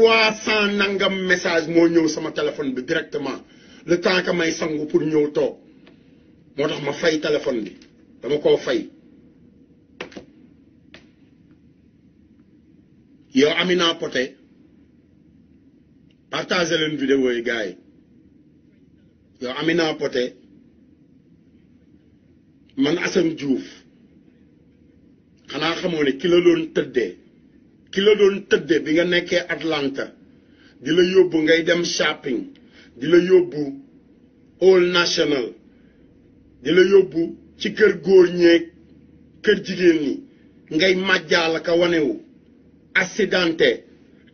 trois cent nangam message moo ñëw sama téléphone bi directement le temps que may sangu pour ñëw toog moo tax ma fay téléphone bi dama koo fay yow amina poté partagé leen vidéo yi gars yi yow amina poté man asam diouf xanaa xamoo ne ki la loon tëddee ki la doon tëdde bi nga nekkee Atlanta di la yóbbu ngay dem shopping di la yóbbu Old National di la yóbbu ci kër góor ñeeg kër jigéen ñi ngay màjjaal ka wanewu accidenté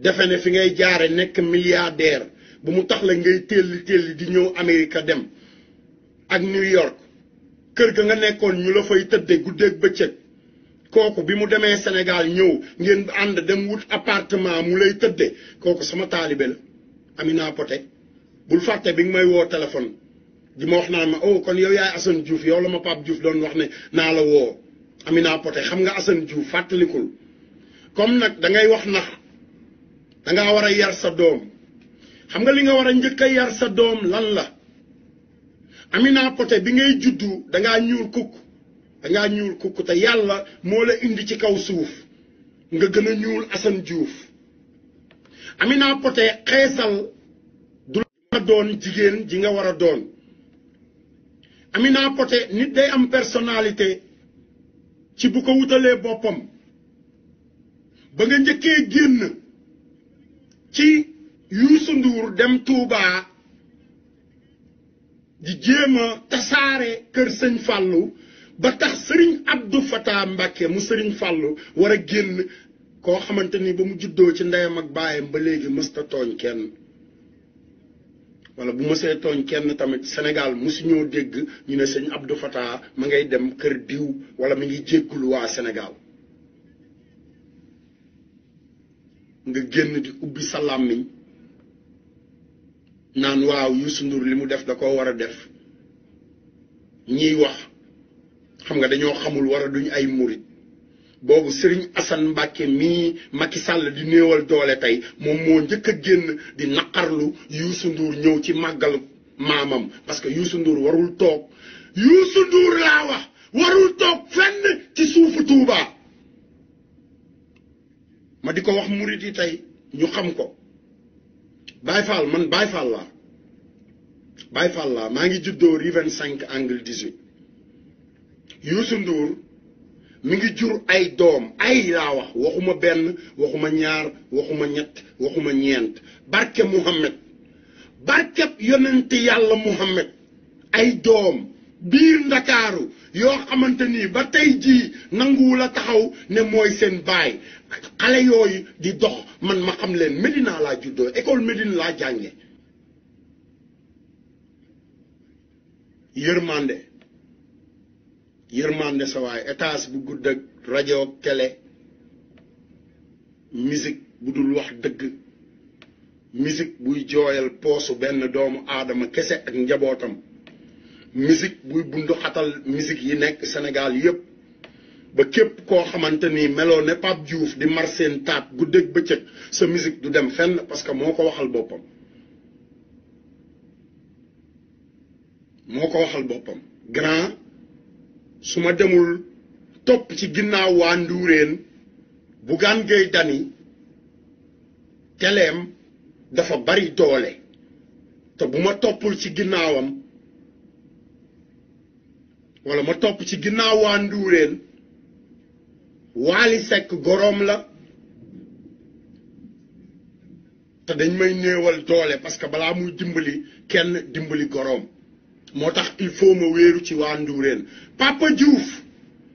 defe ne fi ngay jaare nekk milliardaire bu mu tax la ngay telli telli di ñëw Amérique dem ak New York kër ga nga nekkoon ñu la fay tëdde guddeeg bëccëg kooku bi mu demee Sénégal ñëw ngeen ànd dem wut appartement mu lay tëddee kooku sama taalibe la Amina pote bul fàtte bi nga may woo téléphone di wax naan ma oh kon yow yaay Assane Diouf yow la ma Pape Diouf doon wax ne naa la woo Amina Poté xam nga Assane Diouf fàttalikul comme nag dangay wax nax danga ngaa war a yar sa doom xam nga li nga war a njëkk a yar sa doom lan la Amina Poté bi ngay juddu da ngaa ñuul kukk dangaa ñuul kukk yàlla moo la indi ci kaw suuf nga gën a ñuul Assane Diouf Amina Poté xeesal du la doon jigéen ji nga war a doon Amina Poté nit day am personnalité ci bu ko wutalee boppam ba nga njëkkee génn ci Youssou Ndour dem Touba di jéem a tasaare kër sëñ Fallou ba tax sëriñ Abdou Fatah Mbacke mu sëriñ Fallou war a génn koo xamante ni ba mu juddoo ci ndeyam ak baayam ba léegi mësta tooñ kenn wala bu mësee tooñ kenn tamit Sénégal mësuñoo dégg ñu ne sëñ Abdou Fatah ma ngay dem kër diw wala mi ngi jéggulu waa Sénégal nga génn di ubbi sa làmmiñ naan waaw Youssou Ndour li mu def da koo war a def ñiy wax xam nga dañoo xamul wara a duñ ay murit boobu Serigne Assane Mbacke mii Macky sàll di néewal doole tey moom moo njëkk a génn di naqarlu Youssou Ndour ñëw ci màggal maamam parce que Youssou Ndour warul toog Youssou Ndour laa warul toog fenn ci suufu Touba ma di ko wax murit yi tey ñu xam ko Baye Fall man Baye Fall laa Baye Fall laa maa ngi juddoo rue 25 angle 18 Youssou Ndour mi ngi jur ay doom ay laa wax waxuma benn waxuma ñaar waxuma ñett waxuma ñeent barke Muhammad barkeb yonent yàlla Muhammad ay doom biir ndakaaru yoo xamanta ni ba tey jii nanguwul a taxaw ne mooy seen baay xale yooyu di dox man ma xam leen Médina laa juddoo école Médine laa jànge yërmande yërmande sa waay étage bu gudd ak rajo ak télé bu dul wax dëgg musique buy jooyal poosu benn doomu aadama kese ak njabootam musique buy bundu xatal misik yi nekk Sénégal yépp ba képp koo xamante ni meloo ne Pape Diouf di mar seen taat guddeeg bëccëg sa musique du dem fenn parce que moo ko waxal boppam moo ko waxal boppam grand su ma demul topp ci ginnaaw waa nduuréen Bougane geey Dany teleem dafa bari doole te bu ma toppul ci ginnaawam wala ma topp ci ginnaaw waa nduuréen Waly Seck goroom la te dañ may néewal doole parce que balaa muy dimbali kenn dimbali goroom moo tax il faut ma wéeru ci waa Ndourène Papa Diouf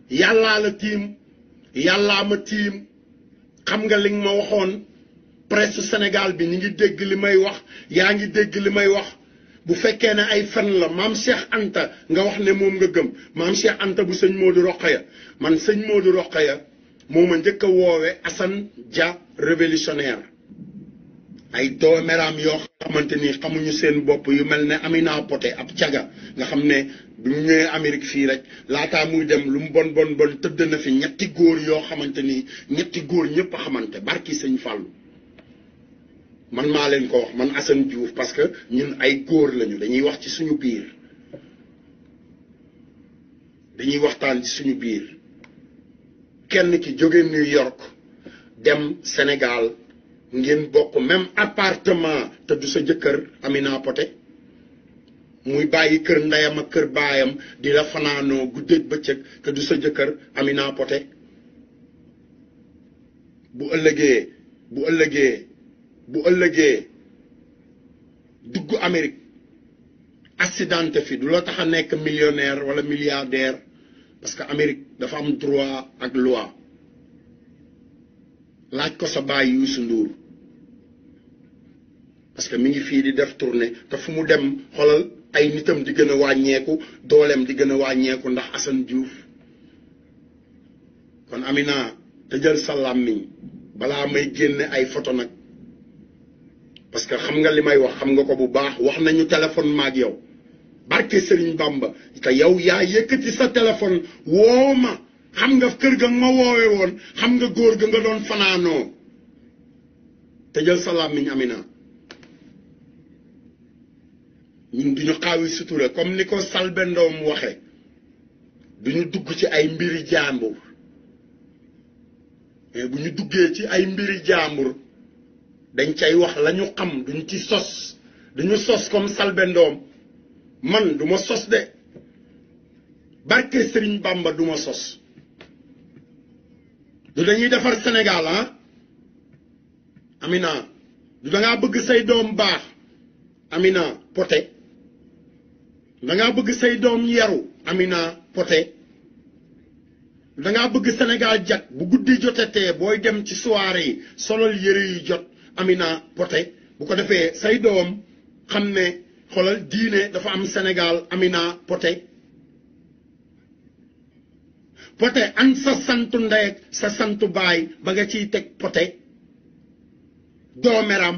yàllaa la tiim yàllaa ma tiim xam nga li ma waxoon presse senegal bi ñu ngi dégg li may wax yaa ngi dégg li may wax bu fekkee ne ay fen la maam Cheikh Anta nga wax ne moom nga gëm maam Cheikh Anta bu sëñ roq ya man sëñ Modou Rokhaya moo ma njëkk a woowe Assane Dia révolutionnaire ay doomeraam yoo xamanteni xamuñu seen bop yu melne ne amina poté ab tiaga nga xamné ne bi mu amérique fi rek laataa muy dem lu bon bon bon tedd na fi ñetti goor yo xamanteni ñetti goor ñepp xamanté barki sëñ man ma leen ko wax man Assane Diouf parce que ñun ay goor lañu dañuy wax ci suñu biir dañuy waxtaan ci suñu biir kenn ki jóge New York dem Sénégal ngeen bokk même appartement te du sa jëkkër Amina Poté muy bàyyi kër ndeyam ak kër baayam di la fanaanoo guddeeg bëccëg te du sa jëkkër Amina Poté bu ëllëgee bu ëllëgee bu ëllëgee dugg Amérique accidenté fi du loo tax a nekk millionaire wala milliardaire parce que Amérique dafa am droit ak loi laaj ko sa baay Youssou parce que mi ngi fii di def tournée te fu mu dem xoolal ay nitam di gën a wàññeeku doolem di gën a wàññeeku ndax Assane Diouf kon Amina te jël sa làmmiñ balaa may génne ay photo nag parce que xam nga li may wax xam nga ko bu baax wax nañu téléphone maag yow barke Serigne Bamba te yow yaa yëkkati sa téléphone woo ma xam nga kër ga nga woowe woon xam nga góor ga nga doon fanaanoo te jël sa làmmiñ Amina ñun duñu xawi sutura comme ni salbe ndom waxe duñu dugg ci ay mbiri jàmbur mais buñu duggé ci ay mbiri jàmbur dañ cay wax lañu xam duñ ci sos duñu sos comme ndom man duma sos de barké serigne bamba duma sos du dañuy défar sénégal ah amina du da nga bëgg say dom baax amina poté danga bëgg say doom yeru amina poté danga bëgg sénégal jat bu guddi jotete booy dem ci soire yi solol yëre yu jot amina poté bu ko defee say doom xam ne xolal diine dafa am sénégal amina poté poté an sa sant ndeyeg sa sant baay ba nga ciy teg poté doomeram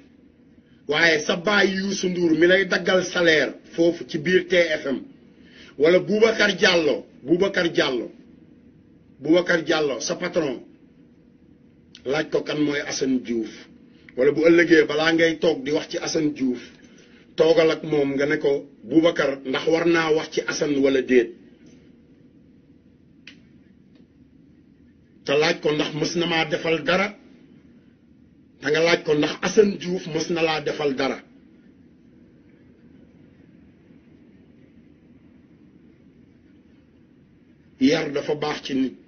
waaye sa baay Youssou Ndour mi lay daggal salaire foofu ci biir TFM wala Boubacar Diallo Boubacar Diallo Boubacar Diallo sa patron laaj ko kan mooy Assane Diouf wala bu ëllëgee balaa ngay toog di wax ci Assane Diouf toogal ak moom nga ne ko Boubacar ndax war naa wax ci Assane wala déet te laaj ko ndax mës na maa defal dara da nga laaj ko ndax Assane Diouf mës na laa defal dara yar dafa baax ci nit